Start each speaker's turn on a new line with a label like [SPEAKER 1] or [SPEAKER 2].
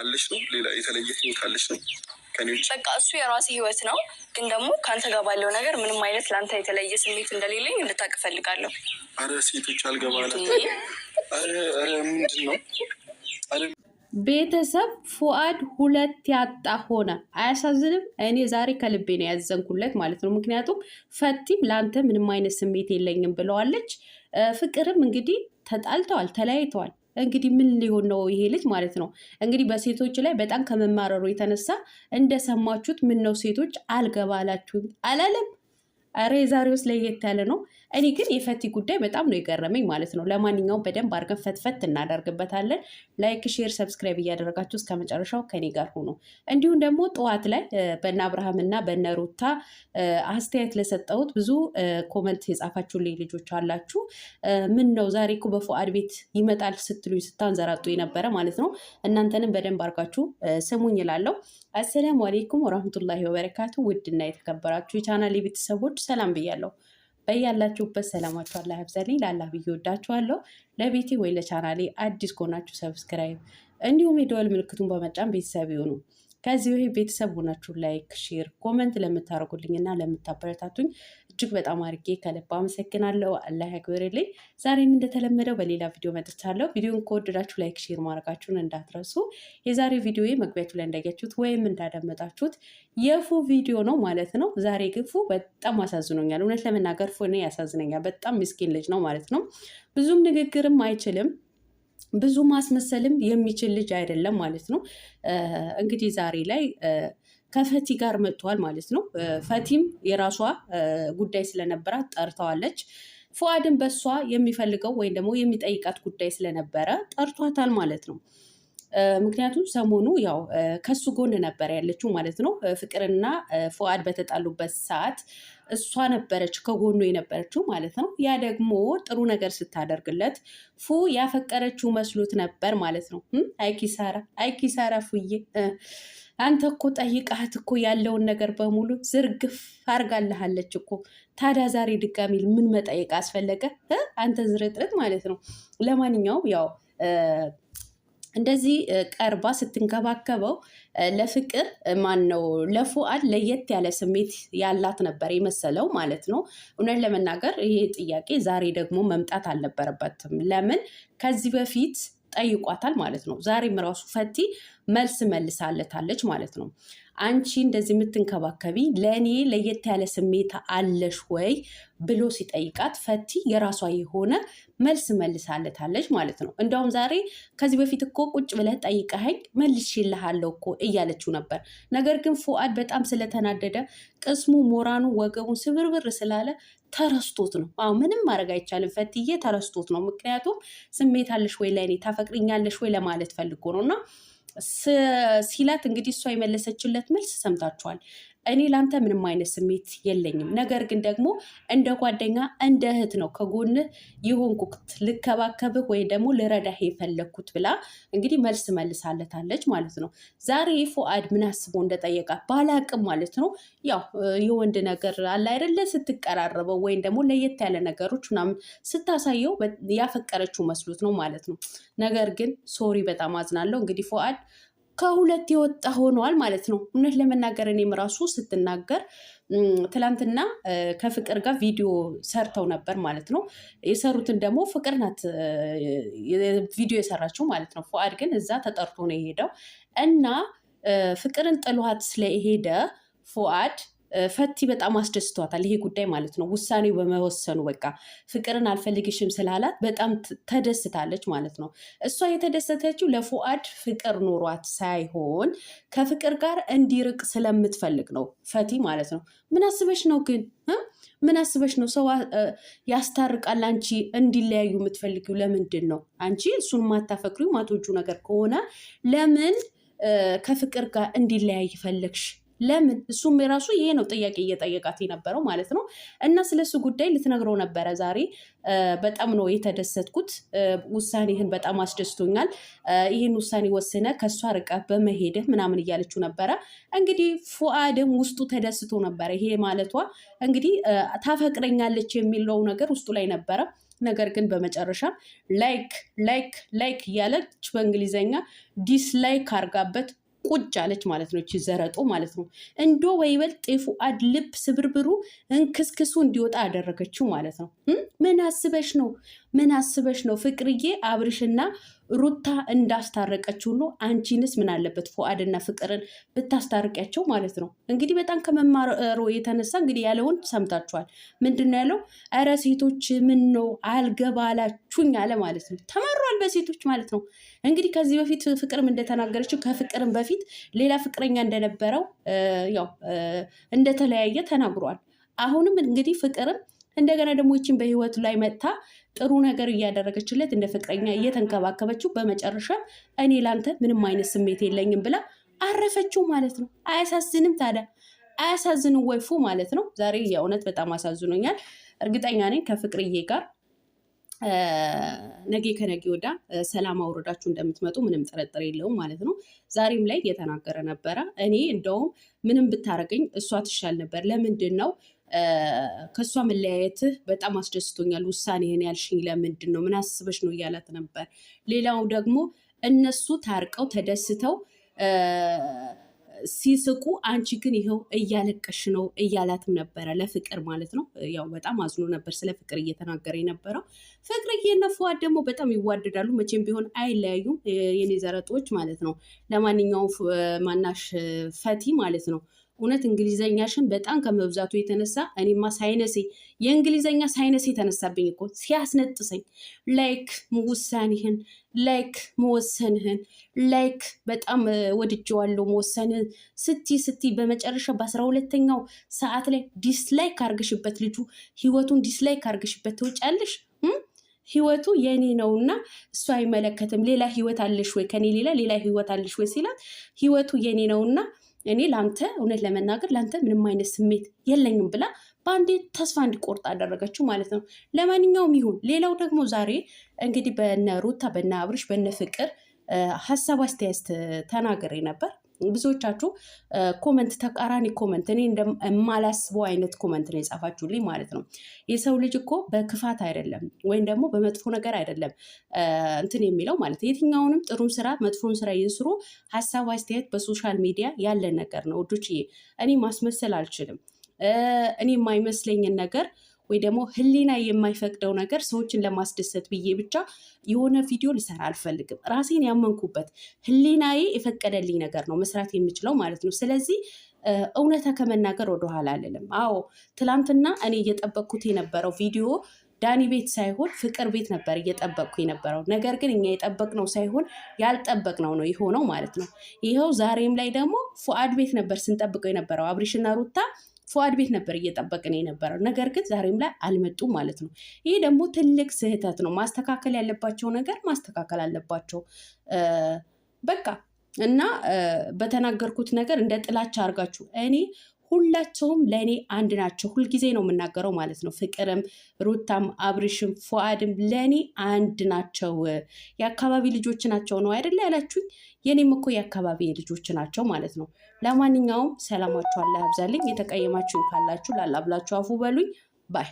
[SPEAKER 1] አለሽ ነው? ሌላ የተለየ ህይወት አለሽ ነው?
[SPEAKER 2] በቃ እሱ የራስ ህይወት ነው። ግን ደግሞ ከአንተ ጋር ባለው ነገር ምንም አይነት ለአንተ የተለየ ስሜት እንደሌለኝ እንድታቅ እፈልጋለሁ።
[SPEAKER 1] አረ ሴቶች አልገባለ ምንድን ነው
[SPEAKER 2] ቤተሰብ ፉአድ ሁለት ያጣ ሆነ። አያሳዝንም? እኔ ዛሬ ከልቤ ነው ያዘንኩለት ማለት ነው። ምክንያቱም ፈቲም ለአንተ ምንም አይነት ስሜት የለኝም ብለዋለች። ፍቅርም እንግዲህ ተጣልተዋል፣ ተለያይተዋል። እንግዲህ ምን ሊሆን ነው ይሄ ልጅ ማለት ነው። እንግዲህ በሴቶች ላይ በጣም ከመማረሩ የተነሳ እንደሰማችሁት ምን ነው ሴቶች አልገባላችሁ አላለም። ኧረ የዛሬውስ ለየት ያለ ነው። እኔ ግን የፈቲ ጉዳይ በጣም ነው የገረመኝ ማለት ነው። ለማንኛውም በደንብ አድርገን ፈትፈት እናደርግበታለን። ላይክ፣ ሼር፣ ሰብስክራይብ እያደረጋችሁ እስከ መጨረሻው ከኔ ጋር ሆኖ እንዲሁም ደግሞ ጠዋት ላይ በነ አብርሃም እና በነ ሩታ አስተያየት ለሰጠሁት ብዙ ኮመንት የጻፋችሁልኝ ልጆች አላችሁ። ምን ነው ዛሬ እኮ በፉአድ ቤት ይመጣል ስትሉኝ ስታንዘራጡ የነበረ ማለት ነው። እናንተንም በደንብ አድርጋችሁ ስሙኝ እላለሁ። አሰላሙ አሌይኩም ወራህመቱላሂ ወበረካቱ። ውድና የተከበራችሁ የቻናል ቤተሰቦች ሰላም ብያለሁ። በያላችሁበት ሰላማችሁ አላህ ያብዛልኝ። ለአላህ ብዬ ወዳችኋለሁ። ለቤቴ ወይ ለቻናሌ አዲስ ከሆናችሁ ሰብስክራይብ እንዲሁም የደወል ምልክቱን በመጫን ቤተሰብ ይሁኑ። ከዚህ ይህ ቤተሰብ ሆናችሁ ላይክ፣ ሼር፣ ኮመንት ለምታደርጉልኝ እና ለምታበረታቱኝ እጅግ በጣም አድርጌ ከልብ አመሰግናለሁ። አላህ ያክብርልኝ። ዛሬም እንደተለመደው በሌላ ቪዲዮ መጥቻለሁ። ቪዲዮን ከወደዳችሁ ላይክ፣ ሼር ማድረጋችሁን እንዳትረሱ። የዛሬ ቪዲዮ መግቢያችሁ ላይ እንዳያችሁት ወይም እንዳደመጣችሁት የፉ ቪዲዮ ነው ማለት ነው። ዛሬ ግን ፉ በጣም አሳዝኖኛል። እውነት ለመናገር ፉ እኔ ያሳዝነኛል። በጣም ምስኪን ልጅ ነው ማለት ነው። ብዙም ንግግርም አይችልም ብዙ ማስመሰልም የሚችል ልጅ አይደለም ማለት ነው። እንግዲህ ዛሬ ላይ ከፈቲ ጋር መጥቷል ማለት ነው። ፈቲም የራሷ ጉዳይ ስለነበራት ጠርተዋለች። ፉአድን በሷ የሚፈልገው ወይም ደግሞ የሚጠይቃት ጉዳይ ስለነበረ ጠርቷታል ማለት ነው። ምክንያቱም ሰሞኑ ያው ከሱ ጎን ነበር ያለችው ማለት ነው። ፍቅርና ፉአድ በተጣሉበት ሰዓት እሷ ነበረች ከጎኑ የነበረችው ማለት ነው። ያ ደግሞ ጥሩ ነገር ስታደርግለት ፉ ያፈቀረችው መስሎት ነበር ማለት ነው። አይኪሳራ አይኪሳራ ፉዬ አንተ እኮ ጠይቃት እኮ ያለውን ነገር በሙሉ ዝርግፍ አርጋልሃለች እኮ። ታዲያ ዛሬ ድጋሚ ምን መጠየቅ አስፈለገ? አንተ ዝርጥርጥ ማለት ነው። ለማንኛውም ያው እንደዚህ ቀርባ ስትንከባከበው ለፍቅር ማን ነው ለፉአድ ለየት ያለ ስሜት ያላት ነበር የመሰለው ማለት ነው። እውነት ለመናገር ይሄ ጥያቄ ዛሬ ደግሞ መምጣት አልነበረበትም። ለምን ከዚህ በፊት ጠይቋታል ማለት ነው። ዛሬም ራሱ ፈቲ መልስ መልሳለታለች ማለት ነው። አንቺ እንደዚህ የምትንከባከቢ ለእኔ ለየት ያለ ስሜት አለሽ ወይ ብሎ ሲጠይቃት ፈቲ የራሷ የሆነ መልስ መልሳለታለች ማለት ነው። እንደውም ዛሬ ከዚህ በፊት እኮ ቁጭ ብለህ ጠይቀኸኝ መልሼልሃለሁ እኮ እያለችው ነበር። ነገር ግን ፉአድ በጣም ስለተናደደ ቅስሙ፣ ሞራኑ፣ ወገቡን ስብርብር ስላለ ተረስቶት ነው። አዎ ምንም ማድረግ አይቻልም ፈትዬ፣ ተረስቶት ነው። ምክንያቱም ስሜት አለሽ ወይ ለእኔ ታፈቅሪኛለሽ ወይ ለማለት ፈልጎ ነው እና ሲላት እንግዲህ እሷ የመለሰችለት መልስ ሰምታችኋል። እኔ ለአንተ ምንም አይነት ስሜት የለኝም፣ ነገር ግን ደግሞ እንደ ጓደኛ እንደ እህት ነው ከጎንህ የሆንኩት ልከባከብህ ወይም ደግሞ ልረዳህ የፈለግኩት ብላ እንግዲህ መልስ መልሳለታለች ማለት ነው። ዛሬ ፉአድ ምን አስቦ እንደጠየቃት ባላቅም ማለት ነው። ያው የወንድ ነገር አለ አይደለ ስትቀራረበው ወይም ደግሞ ለየት ያለ ነገሮች ምናምን ስታሳየው ያፈቀረችው መስሎት ነው ማለት ነው። ነገር ግን ሶሪ፣ በጣም አዝናለሁ እንግዲህ ፉአድ ከሁለት የወጣ ሆኗል ማለት ነው። እውነት ለመናገር እኔም ራሱ ስትናገር ትላንትና ከፍቅር ጋር ቪዲዮ ሰርተው ነበር ማለት ነው። የሰሩትን ደግሞ ፍቅር ናት ቪዲዮ የሰራችው ማለት ነው። ፉአድ ግን እዛ ተጠርቶ ነው የሄደው እና ፍቅርን ጥሏት ስለሄደ ፉአድ ፈቲ በጣም አስደስቷታል ይሄ ጉዳይ ማለት ነው። ውሳኔው በመወሰኑ በቃ ፍቅርን አልፈልግሽም ስላላት በጣም ተደስታለች ማለት ነው። እሷ የተደሰተችው ለፉአድ ፍቅር ኖሯት ሳይሆን ከፍቅር ጋር እንዲርቅ ስለምትፈልግ ነው ፈቲ ማለት ነው። ምን አስበሽ ነው ግን ምን አስበሽ ነው ሰው ያስታርቃል? አንቺ እንዲለያዩ የምትፈልጊው ለምንድን ነው? አንቺ እሱን ማታፈቅሪው ማቶጁ ነገር ከሆነ ለምን ከፍቅር ጋር እንዲለያይ ፈለግሽ? ለምን? እሱም የራሱ ይሄ ነው ጥያቄ እየጠየቃት የነበረው ማለት ነው። እና ስለሱ ጉዳይ ልትነግረው ነበረ ዛሬ። በጣም ነው የተደሰትኩት። ውሳኔህን በጣም አስደስቶኛል። ይህን ውሳኔ ወስነ ከእሷ ርቀ በመሄድህ ምናምን እያለችው ነበረ። እንግዲህ ፉአድም ውስጡ ተደስቶ ነበረ። ይሄ ማለቷ እንግዲህ ታፈቅረኛለች የሚለው ነገር ውስጡ ላይ ነበረ። ነገር ግን በመጨረሻ ላይክ ላይክ ላይክ እያለች በእንግሊዝኛ ዲስላይክ አርጋበት ቁጭ አለች ማለት ነው። እቺ ዘረጦ ማለት ነው። እንዶ ጤፉ የፉአድ ልብ ስብርብሩ እንክስክሱ እንዲወጣ ያደረገችው ማለት ነው። ምን አስበሽ ነው? ምን አስበሽ ነው ፍቅርዬ? አብርሽና ሩታ እንዳስታረቀች ሁሉ አንቺንስ ምን አለበት ፎአድና ፍቅርን ብታስታርቂያቸው ማለት ነው። እንግዲህ በጣም ከመማሮ የተነሳ እንግዲህ ያለውን ሰምታችኋል። ምንድን ነው ያለው? እረ ሴቶች ምን ነው አልገባላችሁኝ አለ ማለት ነው። ተመሯል በሴቶች ማለት ነው። እንግዲህ ከዚህ በፊት ፍቅርም እንደተናገረችው ከፍቅርም በፊት ሌላ ፍቅረኛ እንደነበረው ያው እንደተለያየ ተናግሯል። አሁንም እንግዲህ ፍቅርም እንደገና ደግሞ ይችን በህይወቱ ላይ መጥታ ጥሩ ነገር እያደረገችለት እንደ ፍቅረኛ እየተንከባከበችው በመጨረሻ እኔ ላንተ ምንም አይነት ስሜት የለኝም ብላ አረፈችው ማለት ነው። አያሳዝንም ታዲያ? አያሳዝንም ወይፉ ማለት ነው። ዛሬ የእውነት በጣም አሳዝኖኛል። እርግጠኛ ነኝ ከፍቅርዬ ጋር ነጌ ከነጌ ወዳ ሰላም አውረዳችሁ እንደምትመጡ ምንም ጥርጥር የለውም ማለት ነው። ዛሬም ላይ እየተናገረ ነበረ። እኔ እንደውም ምንም ብታረገኝ እሷ ትሻል ነበር። ለምንድን ነው ከእሷ መለያየትህ በጣም አስደስቶኛል፣ ውሳኔህን ያልሽኝ ለምንድን ነው? ምን አስበሽ ነው እያላት ነበር። ሌላው ደግሞ እነሱ ታርቀው ተደስተው ሲስቁ አንቺ ግን ይኸው እያለቀሽ ነው እያላትም ነበረ፣ ለፍቅር ማለት ነው። ያው በጣም አዝኖ ነበር ስለ ፍቅር እየተናገረ የነበረው። ፍቅር ፍዋድ ደግሞ በጣም ይዋደዳሉ፣ መቼም ቢሆን አይለያዩም፣ የኔ ዘረጦች ማለት ነው። ለማንኛውም ማናሽ ፈቲ ማለት ነው እውነት እንግሊዘኛሽን በጣም ከመብዛቱ የተነሳ እኔማ ሳይነሴ የእንግሊዘኛ ሳይነሴ የተነሳብኝ እኮ ሲያስነጥሰኝ። ላይክ ውሳኔህን፣ ላይክ መወሰንህን፣ ላይክ በጣም ወድጀዋለሁ መወሰንህን ስቲ ስቲ በመጨረሻ በአስራ ሁለተኛው ሰዓት ላይ ዲስላይክ አርገሽበት ልጁ ህይወቱን ዲስላይክ አርገሽበት ትውጫለሽ። ህይወቱ የኔ ነውና እሱ አይመለከትም። ሌላ ህይወት አለሽ ወይ ከኔ ሌላ ሌላ ህይወት አለሽ ወይ ሲላት ህይወቱ የኔ ነውና እኔ ለአንተ እውነት ለመናገር ለአንተ ምንም አይነት ስሜት የለኝም ብላ በአንዴ ተስፋ እንዲቆርጥ አደረገችው ማለት ነው። ለማንኛውም ይሁን። ሌላው ደግሞ ዛሬ እንግዲህ በነ ሩታ በነ አብርሽ በነ ፍቅር ሀሳብ አስተያየት ተናግሬ ነበር። ብዙዎቻችሁ ኮመንት ተቃራኒ ኮመንት እኔ እንደማላስበው አይነት ኮመንት ነው የጻፋችሁልኝ ማለት ነው። የሰው ልጅ እኮ በክፋት አይደለም ወይም ደግሞ በመጥፎ ነገር አይደለም እንትን የሚለው ማለት ነው የትኛውንም ጥሩም ስራ መጥፎን ስራ ይስሩ፣ ሀሳብ አስተያየት በሶሻል ሚዲያ ያለ ነገር ነው ውዶችዬ። እኔ ማስመሰል አልችልም። እኔ የማይመስለኝን ነገር ወይ ደግሞ ህሊና የማይፈቅደው ነገር ሰዎችን ለማስደሰት ብዬ ብቻ የሆነ ቪዲዮ ልሰራ አልፈልግም። ራሴን ያመንኩበት ህሊናዬ የፈቀደልኝ ነገር ነው መስራት የምችለው ማለት ነው። ስለዚህ እውነታ ከመናገር ወደኋላ አልልም። አዎ ትላንትና እኔ እየጠበቅኩት የነበረው ቪዲዮ ዳኒ ቤት ሳይሆን ፍቅር ቤት ነበር እየጠበቅኩ የነበረው። ነገር ግን እኛ የጠበቅነው ሳይሆን ያልጠበቅነው ነው የሆነው ማለት ነው። ይኸው ዛሬም ላይ ደግሞ ፉአድ ቤት ነበር ስንጠብቀው የነበረው አብሪሽና ሩታ ፉአድ ቤት ነበር እየጠበቅን የነበረው። ነገር ግን ዛሬም ላይ አልመጡም ማለት ነው። ይሄ ደግሞ ትልቅ ስህተት ነው። ማስተካከል ያለባቸው ነገር ማስተካከል አለባቸው በቃ እና በተናገርኩት ነገር እንደ ጥላቻ አድርጋችሁ እኔ ሁላቸውም ለእኔ አንድ ናቸው። ሁልጊዜ ነው የምናገረው ማለት ነው። ፍቅርም፣ ሩታም፣ አብርሽም፣ ፉአድም ለእኔ አንድ ናቸው። የአካባቢ ልጆች ናቸው ነው አይደለ ያላችሁኝ? የኔም እኮ የአካባቢ ልጆች ናቸው ማለት ነው። ለማንኛውም ሰላማችሁ አላ ያብዛልኝ። የተቀየማችሁኝ ካላችሁ ላላብላችሁ አፉ በሉኝ ባይ